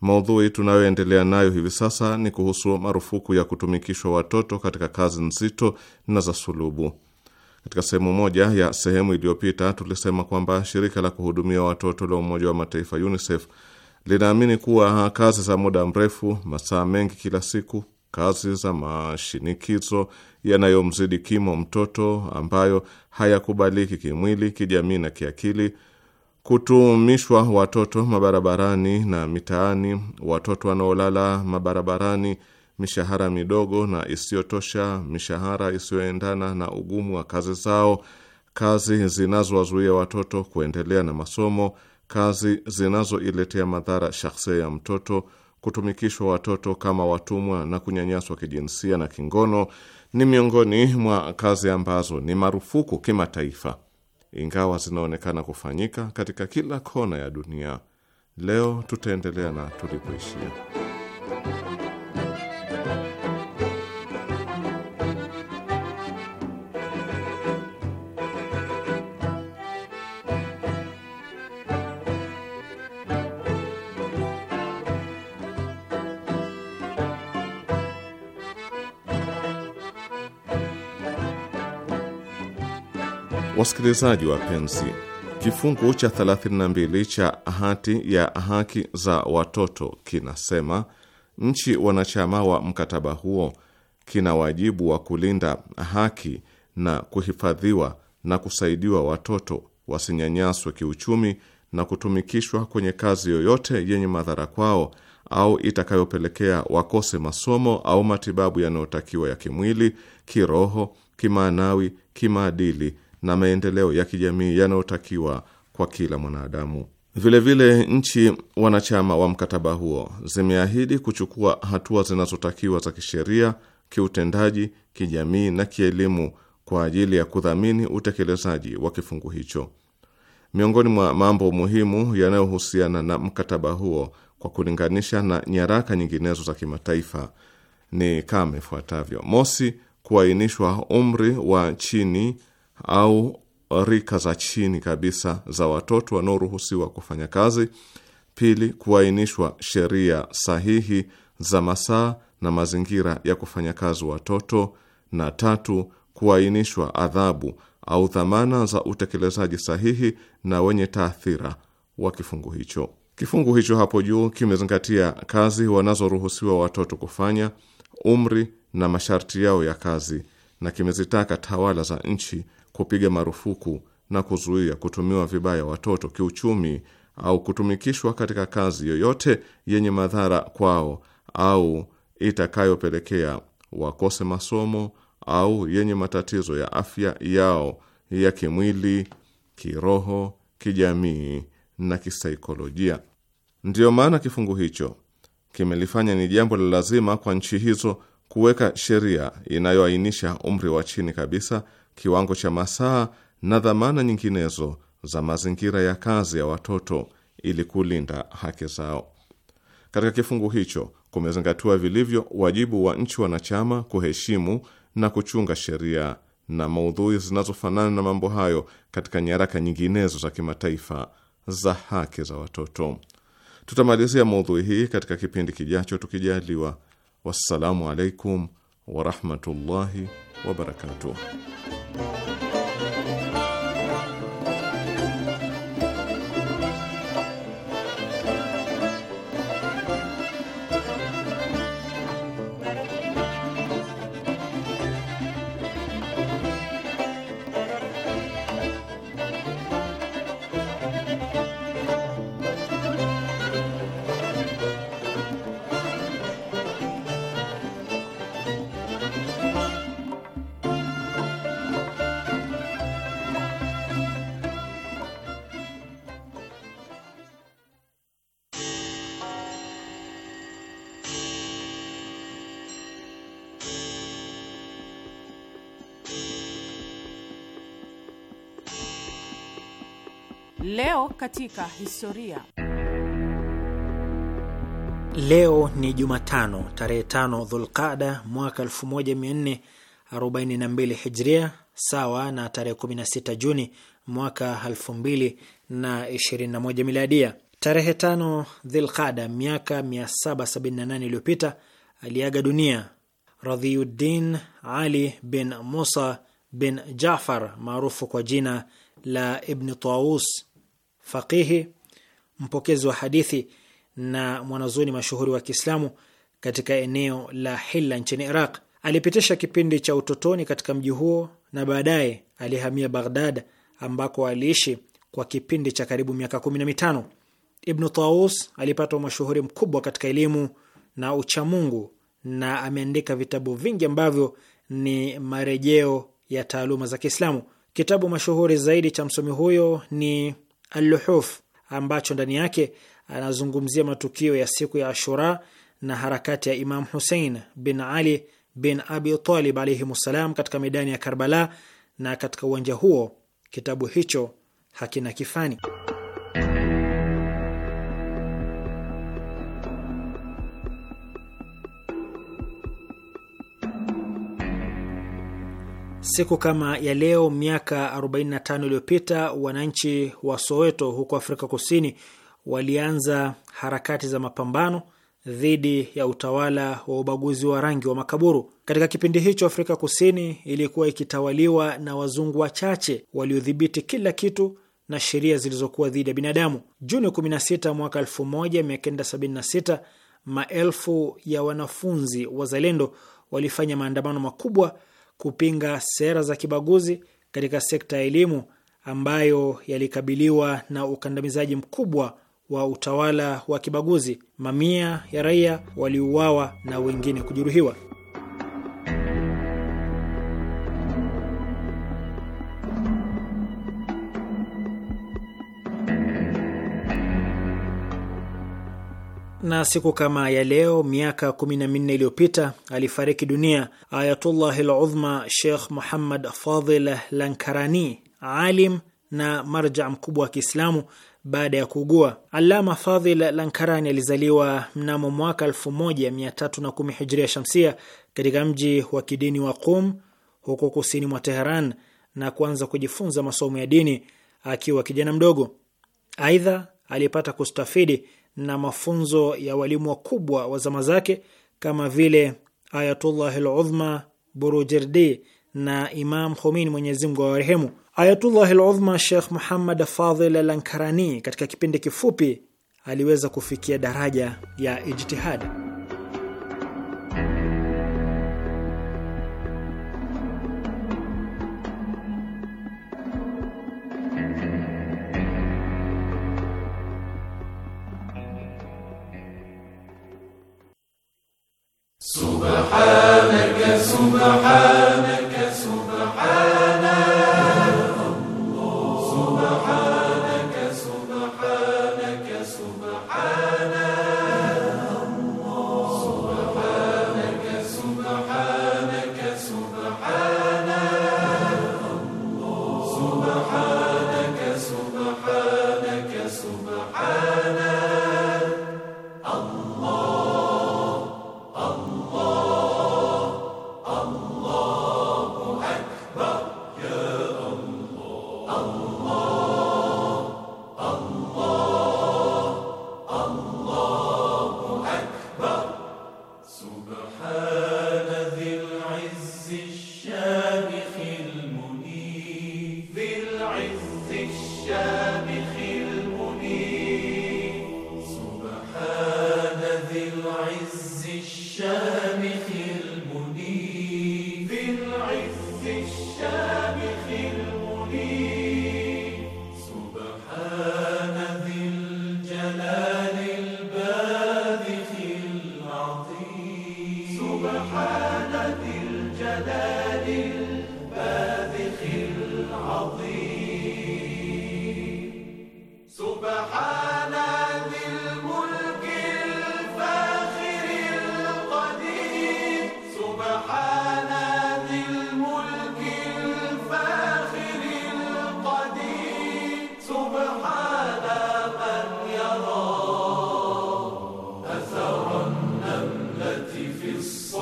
Maudhui tunayoendelea nayo hivi sasa ni kuhusu marufuku ya kutumikishwa watoto katika kazi nzito na za sulubu. Katika sehemu moja ya sehemu iliyopita tulisema kwamba shirika la kuhudumia watoto la Umoja wa Mataifa UNICEF linaamini kuwa kazi za muda mrefu, masaa mengi kila siku, kazi za mashinikizo yanayomzidi kimo mtoto, ambayo hayakubaliki kimwili, kijamii na kiakili kutumishwa watoto mabarabarani na mitaani, watoto wanaolala mabarabarani, mishahara midogo na isiyotosha, mishahara isiyoendana na ugumu wa kazi zao, kazi zinazowazuia watoto kuendelea na masomo, kazi zinazoiletea madhara shakhsia ya mtoto, kutumikishwa watoto kama watumwa na kunyanyaswa kijinsia na kingono, ni miongoni mwa kazi ambazo ni marufuku kimataifa ingawa zinaonekana kufanyika katika kila kona ya dunia. Leo tutaendelea na tulipoishia. Wasikilizaji wapenzi, kifungu cha 32 cha hati ya haki za watoto kinasema nchi wanachama wa mkataba huo kina wajibu wa kulinda haki na kuhifadhiwa na kusaidiwa watoto wasinyanyaswe kiuchumi na kutumikishwa kwenye kazi yoyote yenye madhara kwao au itakayopelekea wakose masomo au matibabu yanayotakiwa ya kimwili, kiroho, kimaanawi, kimaadili na maendeleo ya kijamii yanayotakiwa kwa kila mwanadamu. Vilevile, nchi wanachama wa mkataba huo zimeahidi kuchukua hatua zinazotakiwa za kisheria, kiutendaji, kijamii na kielimu kwa ajili ya kudhamini utekelezaji wa kifungu hicho. Miongoni mwa mambo muhimu yanayohusiana na mkataba huo kwa kulinganisha na nyaraka nyinginezo za kimataifa ni kama ifuatavyo: mosi, kuainishwa umri wa chini au rika za chini kabisa za watoto wanaoruhusiwa kufanya kazi. Pili, kuainishwa sheria sahihi za masaa na mazingira ya kufanya kazi watoto, na tatu, kuainishwa adhabu au dhamana za utekelezaji sahihi na wenye taathira wa kifungu hicho. Kifungu hicho hapo juu kimezingatia kazi wanazoruhusiwa watoto kufanya, umri na masharti yao ya kazi, na kimezitaka tawala za nchi kupiga marufuku na kuzuia kutumiwa vibaya watoto kiuchumi au kutumikishwa katika kazi yoyote yenye madhara kwao au itakayopelekea wakose masomo au yenye matatizo ya afya yao ya kimwili, kiroho, kijamii na kisaikolojia. Ndiyo maana kifungu hicho kimelifanya ni jambo la lazima kwa nchi hizo kuweka sheria inayoainisha umri wa chini kabisa kiwango cha masaa na dhamana nyinginezo za mazingira ya kazi ya watoto ili kulinda haki zao. Katika kifungu hicho kumezingatiwa vilivyo wajibu wa nchi wanachama kuheshimu na kuchunga sheria na maudhui zinazofanana na mambo hayo katika nyaraka nyinginezo za kimataifa za haki za watoto. Tutamalizia maudhui hii katika kipindi kijacho tukijaliwa. Wassalamu alaikum warahmatullahi wabarakatuh. Leo katika historia. Leo ni Jumatano tarehe tano Dhulqada mwaka 1442 Hijria, sawa na tarehe 16 Juni mwaka 2021 Miladia. Tarehe tano Dhilqada miaka 778 iliyopita aliaga dunia Radhiuddin Ali bin Musa bin Jafar maarufu kwa jina la Ibni Taus faqihi, mpokezi wa hadithi na mwanazuoni mashuhuri wa Kiislamu katika eneo la Hilla nchini Iraq. Alipitisha kipindi cha utotoni katika mji huo na baadaye alihamia Baghdad ambako aliishi kwa kipindi cha karibu miaka kumi na mitano. Ibnu Taus alipata mashuhuri mkubwa katika elimu na uchamungu na ameandika vitabu vingi ambavyo ni marejeo ya taaluma za Kiislamu. Kitabu mashuhuri zaidi cha msomi huyo ni alluhuf ambacho ndani yake anazungumzia matukio ya siku ya Ashura na harakati ya Imam husein bin Ali bin Abi Talib alaihim ssalam katika medani ya Karbala, na katika uwanja huo kitabu hicho hakina kifani. Siku kama ya leo miaka 45 iliyopita wananchi wa Soweto huko Afrika Kusini walianza harakati za mapambano dhidi ya utawala wa ubaguzi wa rangi wa makaburu. Katika kipindi hicho, Afrika Kusini ilikuwa ikitawaliwa na wazungu wachache waliodhibiti kila kitu na sheria zilizokuwa dhidi ya binadamu. Juni 16 mwaka 1976, maelfu ya wanafunzi wazalendo walifanya maandamano makubwa kupinga sera za kibaguzi katika sekta ya elimu ambayo yalikabiliwa na ukandamizaji mkubwa wa utawala wa kibaguzi. Mamia ya raia waliuawa na wengine kujeruhiwa. na siku kama ya leo miaka kumi na minne iliyopita alifariki dunia Ayatullah al-Udhma Sheikh Muhammad Fadhil Lankarani, alim na marja mkubwa wa Kiislamu baada ya kuugua. alama Fadhil Lankarani alizaliwa mnamo mwaka 1310 hijria shamsia katika mji wa kidini wa Qum huko kusini mwa Teheran na kuanza kujifunza masomo ya dini akiwa kijana mdogo. Aidha alipata kustafidi na mafunzo ya walimu wakubwa wa zama zake kama vile Ayatullah al Burujerdi na Imam Khomeini, Mwenyezi Mungu awarehemu. Ayatullah al shekh Sheikh Muhammad Fadhil al-Ankarani katika kipindi kifupi aliweza kufikia daraja ya ijtihadi سبحان is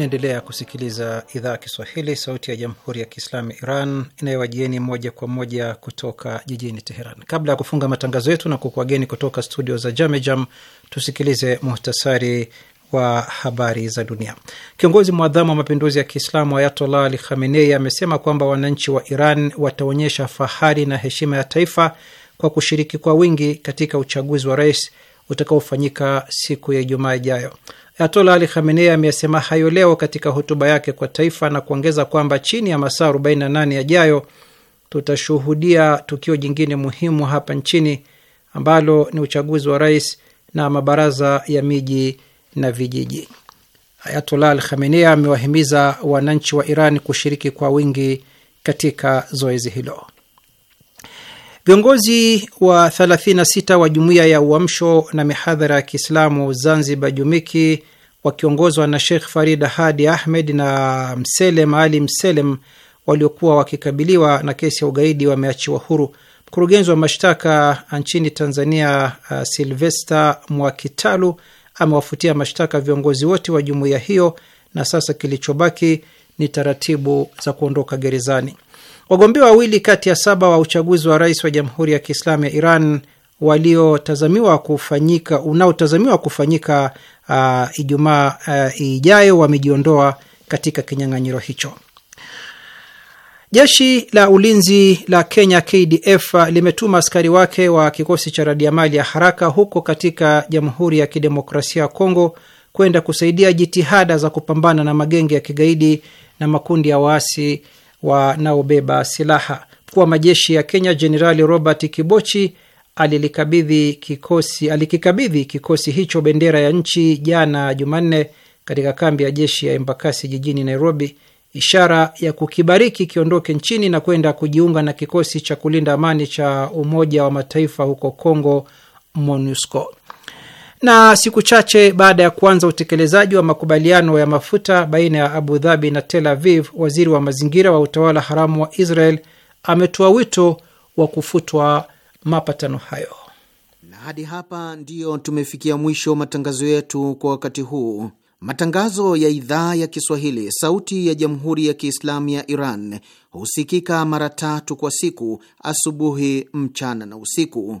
Naendelea kusikiliza idhaa ya Kiswahili, sauti ya jamhuri ya kiislamu Iran inayowajieni moja kwa moja kutoka jijini Teheran. Kabla ya kufunga matangazo yetu na kukuageni kutoka studio za Jamejam, tusikilize muhtasari wa habari za dunia. Kiongozi mwadhamu wa mapinduzi ya Kiislamu Ayatollah Ali Khamenei amesema kwamba wananchi wa Iran wataonyesha fahari na heshima ya taifa kwa kushiriki kwa wingi katika uchaguzi wa rais utakaofanyika siku ya Ijumaa ijayo. Ayatollah Ali Khamenei ameyasema hayo leo katika hotuba yake kwa taifa na kuongeza kwamba chini ya masaa 48 yajayo tutashuhudia tukio jingine muhimu hapa nchini ambalo ni uchaguzi wa rais na mabaraza ya miji na vijiji. Ayatollah Al Khamenei amewahimiza wananchi wa Iran kushiriki kwa wingi katika zoezi hilo. Viongozi wa 36 wa Jumuiya ya Uamsho na Mihadhara ya Kiislamu Zanzibar, Jumiki, wakiongozwa na Sheikh Farid Hadi Ahmed na Mselem Ali Mselem, waliokuwa wakikabiliwa na kesi ya ugaidi wameachiwa huru. Mkurugenzi wa mashtaka nchini Tanzania uh, Silvester Mwakitalu amewafutia mashtaka viongozi wote wa jumuiya hiyo na sasa kilichobaki ni taratibu za kuondoka gerezani. Wagombea wawili kati ya saba wa uchaguzi wa rais wa Jamhuri ya Kiislamu ya Iran waliotazamiwa kufanyika unaotazamiwa kufanyika uh, Ijumaa uh, ijayo wamejiondoa katika kinyang'anyiro hicho. Jeshi la ulinzi la Kenya KDF limetuma askari wake wa kikosi cha radiamali ya haraka huko katika Jamhuri ya Kidemokrasia ya Kongo kwenda kusaidia jitihada za kupambana na magenge ya kigaidi na makundi ya waasi wanaobeba silaha. Mkuu wa majeshi ya Kenya Jenerali Robert Kibochi alilikabidhi kikosi, alikikabidhi kikosi hicho bendera ya nchi jana Jumanne katika kambi ya jeshi ya Embakasi jijini Nairobi, ishara ya kukibariki kiondoke nchini na kwenda kujiunga na kikosi cha kulinda amani cha Umoja wa Mataifa huko congo MONUSCO. Na siku chache baada ya kuanza utekelezaji wa makubaliano ya mafuta baina ya Abu Dhabi na Tel Aviv, waziri wa mazingira wa utawala haramu wa Israel ametoa wito wa kufutwa mapatano hayo. Na hadi hapa ndiyo tumefikia mwisho matangazo yetu kwa wakati huu. Matangazo ya idhaa ya Kiswahili, sauti ya jamhuri ya kiislamu ya Iran husikika mara tatu kwa siku: asubuhi, mchana na usiku.